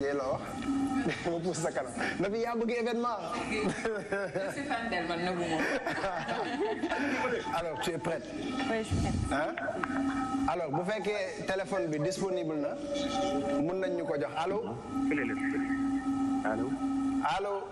yee la wax ma puus sa kanam yaa bëgg événement alors tu es prête oui, je suis bu fekkee téléphone bi disponible na mën nañ ñu ko jox allo allo allo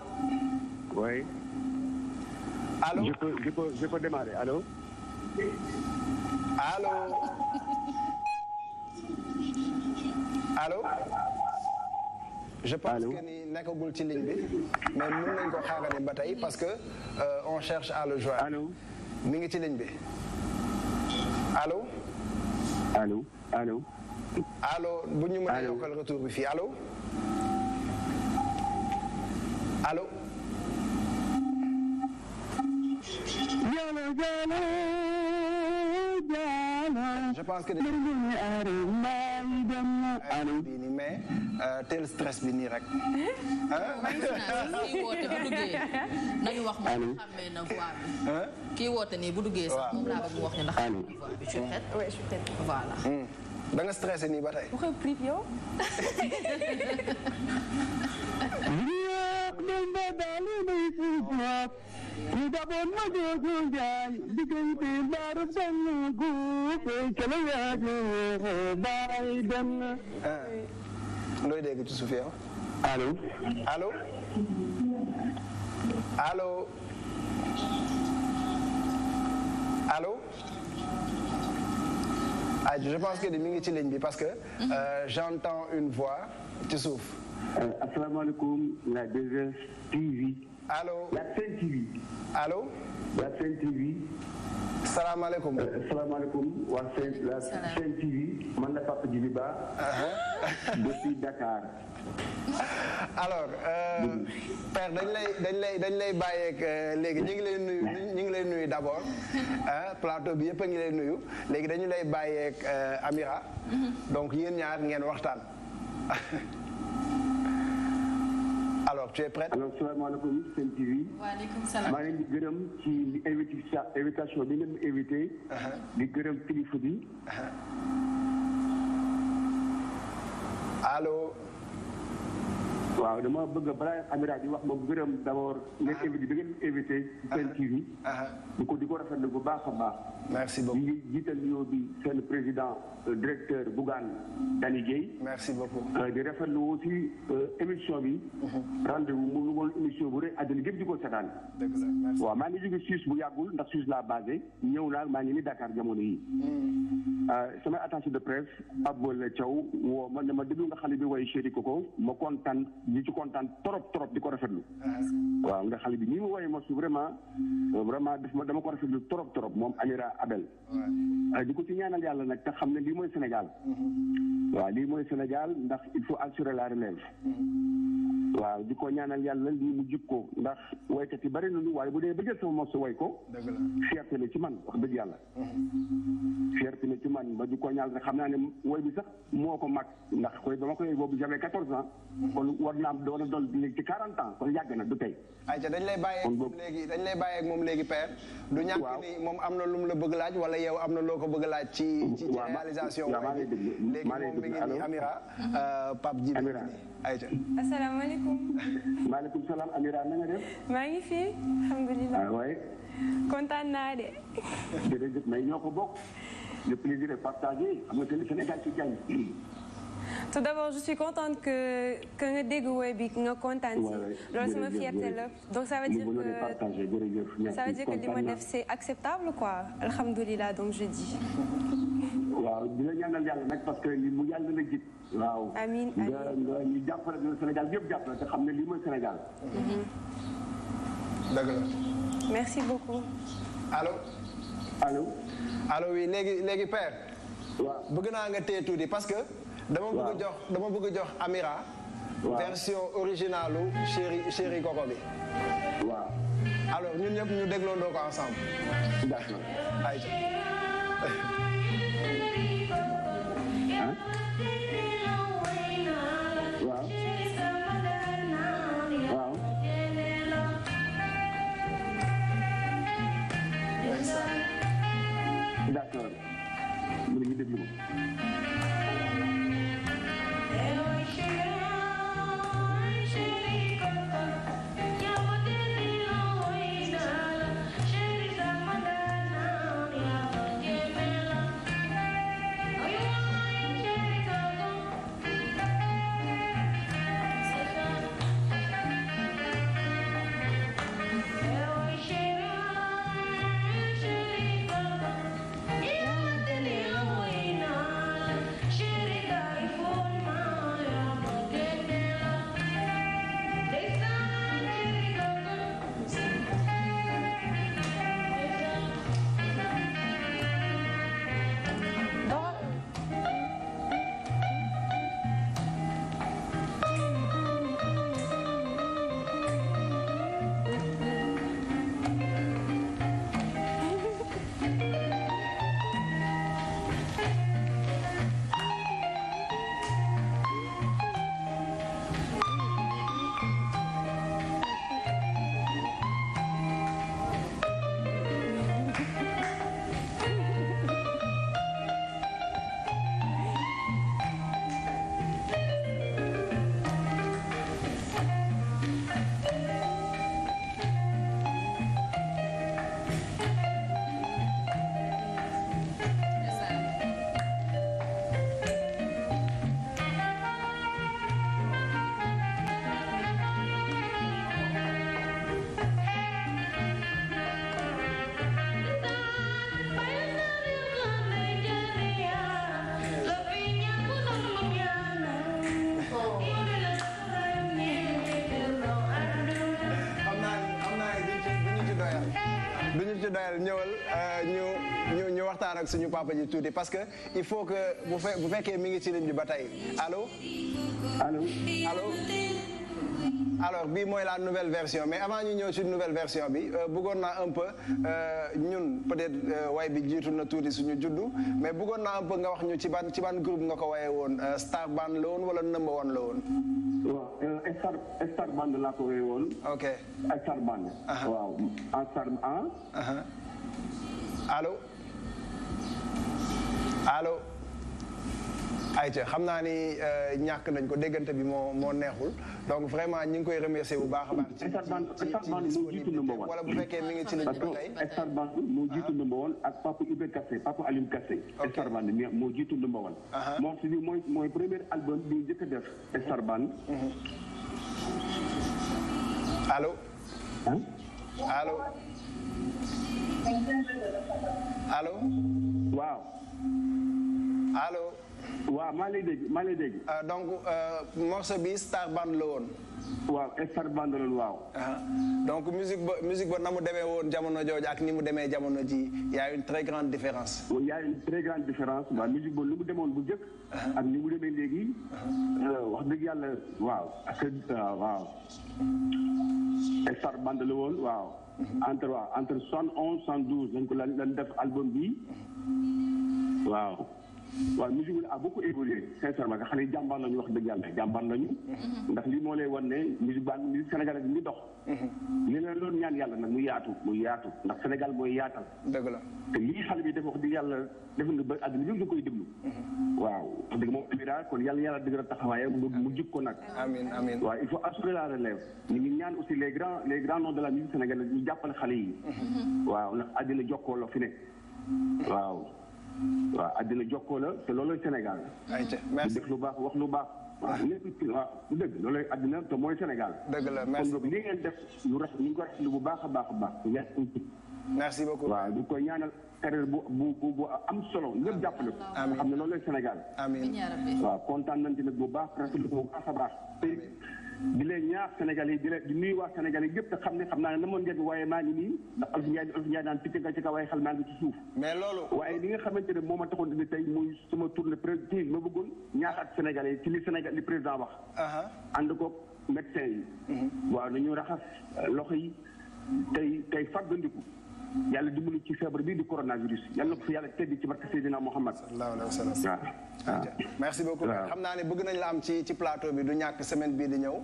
je pense que ni nekkagul ci ligne bi mais mën nañ ko xaarandi ba tey parce que euh, on cherche à le joindre. allo ngi ci ligne bi allo. allo allo. allo bu ñu mënee yokkal retour bi fii alo allo. pense que. mais euh, teel stress bi nii rek. kii woote bu duggee nañu wax moom xàmmee na voix bi. kii woote nii bu duggee sax moom laa bëgg wax ne ndax xàmmee na voix bi je suis prête. oui je suis prête voilà. Hmm. da nga stressé nii ba tey. bu xew prix yow. Delda ah. daale bay suufaat ki daboon ma joogu jaay diggante baar sannu guub calo yaaju baay dem looy dégg ci suuf yow allo allo allo allo ah je pense que mi ngi ci ligne bi parce que mm-hmm. euh, j'entends une voix ci suuf Euh, asalaamaaleykum la 2STV. allo la Sen TV. allo. la Sen TV. salaamaaleykum. Euh, salaamaaleykum waa Sen la Sen TV man la Papa Djibi Ba. depuis uh-huh. Dakar. alors euh, père dañ lay dañ lay dañ léegi ñu ngi lay nuyu ñu ngi lay nuyu d'abord ah, plateau bi yëpp a ngi lay nuyu léegi dañu lay bàyyeeg Amira mm-hmm. donc yéen ñaar ngeen waxtaan. Yoff tu es prête. alors salaamaaleykum Sen TV. waaleykum salaam maa ngi leen di gërëm ci li invitation invitation bi ngeen invité. Uh-huh. di gërëm kilifa bi. Uh-huh. allo. waaw dama bëgg balaa Amira di wax ma gërëm d' abord. Ah. ngeen invité bi ngeen ah. invité. seen TV. Ah. di ko di ko rafet rafetlu bu baax a baax. merci beaucoup di jiital nuyoo bi seen président euh, directeur Bougane Dany Guèye. merci beaucoup euh, di rafetlu aussi euh, émission bi. Mhm. rendez vous mu ngi woon émission bu rëy àddina gépp di ko seetaan. dëgg la merci waaw maa ngi jóge Suisse bu yàggul ndax Suisse laa basé ñëw naa maa ngi ni Dakar jamono yi. Mhm. sama attaché de presse Abdoulaye Thiaw woo ma ne ma déglu nga xale bi way Chéri li ci kontaan trop trop di ko rafetlu. waaw nga xale bi ni mu woyee ma su vraiment vraiment daf ma dama ko lu trop trop moom Amira Abel. Ah, di ko ci ñaanal yàlla nag te xam ne lii mooy Sénégal. Mm-hmm. waaw lii mooy Sénégal ndax il faut assurer la relève. Mm-hmm. waaw di ko ñaanal yàlla lii mu jub ko ndax waykat yi bari nañu waaye bu dee ba jël sama mos way ko. dëgg la fierté la ci man wax dëgg yàlla. fierté na ci man ba di ko ñaanal xam naa ne way bi sax moo ko mag ndax koy ba ma koy boobu j'avais quatorze ans. kon war naa doon a doon léegi ci quarante ans kon yàgg na du tey. ayca dañ lay bàyyeeg moom léegi dañ lay bàyyeeg moom léegi père. du ñàkk ni moom am na lu la bëgg laaj wala yow am na loo ko bëgg laaj. ci ci réalisation. waaw maa ngi déglu maa ngi déglu léegi moom mi ngi nii Amira euh, Pape Djibi. Amira ayca. asalaamaaleykum asalaamaaleykum. maaleykum salaam Amira na nga def. maa ngi fi alhamdulilah. ah oui. kontaan naa de. jërëjëf may ñoo ko bokk. le plaisir est partagé xam nga te le Sénégal ci jàng. tout d'abord je suis contente que que nga dégg woy bi nga kontaan si. loolu sama fierté la donc ça veut dire que ça veut dire que li ma def c'est acceptable quoi alhamdulilah donc je dis. waaw di la ñaanal yàlla nag parce que li mu yàlla la jit waaw amiin nga nga ñu jàppale na Sénégal yëpp jàppale te xam ne lii mooy Sénégal mhm. dëgg la merci beaucoup allo allo léegi léegi père bëgg naa nga téye tuuti parce que dama bëgg jox jox Amira version originalu chéri chéri koko bi waaw alors ñun ñëpp ñu dégloondoo ko ensemble d'accord ayca d'accord mu ne ñu déglu ma doyal ñëwal euh, ñu ñu ñu waxtaan ak suñu papa ji tuuti parce que il faut que bu fe bu fekkee mi ngi ci ligne bi ba tey allo. aloo allo. alors bii mooy la nouvelle version mais avant ñu ñëw ci nouvelle version bi euh, bëggoon naa un peu euh, ñun peut-être way bi jiitu na tuuti suñu juddu mais bëggoon naa un peu nga wax ñu ci ban ci ban groupe nga ko waye woon star band la woon wala number one la woon. Star Star Band laa ko wooye ok ah, Star Band. waaw en ah, Star ah. allo allo. ayca xam naa ni euh, ñàkk nañ ko deggante bi moo moo neexul donc vraiment ñu ngi koy remercier bu baax a baax. ci ci que Star Band moo jiitu number one ak Papa Ibe Kassé Papa Alioune Star Band moo jiitu number one. morceau premier album bi njëkk def Star Band. Mhm. allo allo allo. waaw. allo. waaw maa lay dégg maa lay dégg. Ah, donc euh, morceau bi Star Band la woon. waaw Star Band la woon waaw. Ah, donc musique ba musique ba na mu demee woon jamono jooju ak ni mu demee jamono ji y une très grande différence. y a une très grande différence waaw musique ba lu mu demoon bu njëkk. Ah. ak ni mu demee léegi. Euh, wax dëgg yàlla waaw ak euh, waaw. Star Band la woon waaw. Mm-hmm. entre waaw entre soixante onze soixante douze ko lan lan def album bi mm-hmm. waaw. waaw musique bi a beaucoup évolué sincèrement nga xam ne jàmbaar wax dëgg yàlla jàmbaar lañu mhm. ndax lii moo lay wan ne musique baa musique sénégalais bi dox mhm. li leen doon yàlla nag mu yaatu mu yaatu ndax Sénégal mooy yaatal dëgg la te lii bi def yàlla def nga ba àdduna ñëpp ñu koy déglu mhm. waaw wax dëgg moom amira kon yàlla yàlla dëgg la mu jik ko nag amiin amiin il faut assurer la relève ñu ñaan aussi les grands les grands noms de la musique sénégalaise ñu jàppale xale yi waaw ndax àddina jokkoo la fi ne waaw waaw àddina jokkoo la te loolu Sénégal. ayca merci def lu baax wax lu baax. waaw ah. lépp waaw dëgg loolu àddina te mooy Sénégal. dëgg la merci kon def lu rafet ñu ngi ko rafetlu bu baax a baax a baax. merci beaucoup waaw di koy ñaanal carrière bu bu bu am solo ñëpp jàppale ko. amiin xam ne loolu Sénégal. amiin waaw kontaan nañ ci bu baax rafetlu ko bu baax a baax. di leen ñaax Sénégal yi di la di nuyu waa Sénégal yi yëpp xam ne xam naa ne na moon ngeen waaye maa ngi nii ndax Alioune Ndiaye Alioune Ndiaye naan picc nga ci kaw xel maa ngi ci suuf. mais loolu. waaye li nga xamante ne moo ma taxoon di tey muy sama tournée présidente ma bëggoon ñaax ak Sénégal yi ci li Sénégal li président wax. ànd ko médecin yi. Mhm. waaw nañu raxas loxo yi tey tey fàggandiku. yàlla dimbali ci feebar bi di coronavirus yàlla na ko fi ci barke Seydina Mouhamad. sallallahu alayhi wa merci beaucoup xam naa ne bëgg nañ la am ci ci plateau bi du ñàkk semaine bii di ñëw.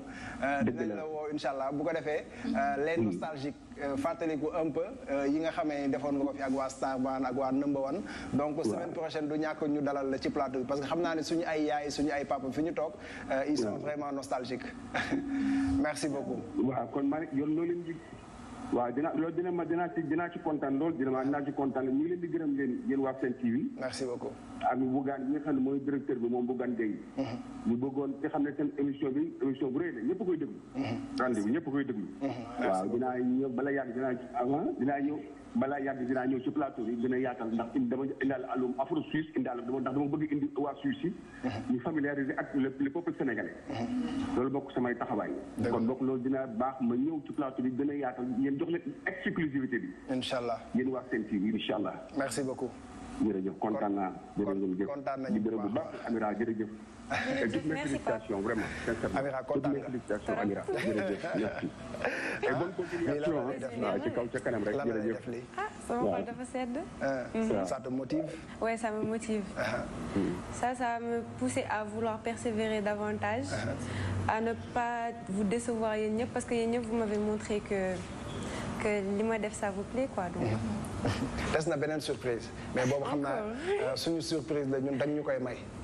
Euh, dinañ woo incha allah bu ko defee. Euh, les mm. nostalgiques euh, fàttaliku un peu yi nga xamee ni defoon nga ko fi ak waa Star Band ak waa Number One. donc semaine prochaine du ñàkk ñu dalal la ci plateau bi parce que xam naa ne suñu ay yaay suñu ay papa fi ñu toog. ils sont vraiment nostalgiques merci beaucoup. waaw waaw dina loolu dina ma dinaa ci dinaa ci loolu dina ma dinaa ci kontaan ñu leen di gërëm leen yéen waa Sen TV. merci beaucoup. ak Bougane bi nga xam ne mooy directeur bi moom Bougane Gueye. Mhm. ñu bëggoon te xam ne seen émission bi émission bu rëy la ñëpp koy déglu. Mhm. rendez-vous koy déglu. Mhm. waaw dinaa ñëw bala yàgg dinaa avant ah, dinaa ñëw. balaa yàgg dinaa ñëw ci plateau bi dina yaatal ndax indi dama indaale àllum afro suisse indaale dama bëgg indi waa Suisse yi mhm. ñu ak le peuple mhm. loolu bokk samay taxawaay kon bokk loolu dina baax ma ñëw ci plateau bi gën a yaatal ngeen jox leen exclusivité bi incha allah yéen waa Sen TV incha allah merci beaucoup jërëjëf a naa jërëjëf kontaan a bu baax jërëjëf toutes mes félicitations vraiment sincèrement toutes mes félicitations Amira jërëjëf merci et bonne continuation ah ci kaw ca kanam rek jërëjëf ah sama xol dafa sedd ça te motive ouais ça me motive mm. ça ça me pousse à vouloir persévérer davantage à ne pas vous décevoir yéen ñëpp parce que yéen ñëpp vous m'avez montré que que li ma def ça vous plaît quoi donc des na beneen surprise mais boobu xam naa euh, suñu surprise la ñun dañ ñu koy may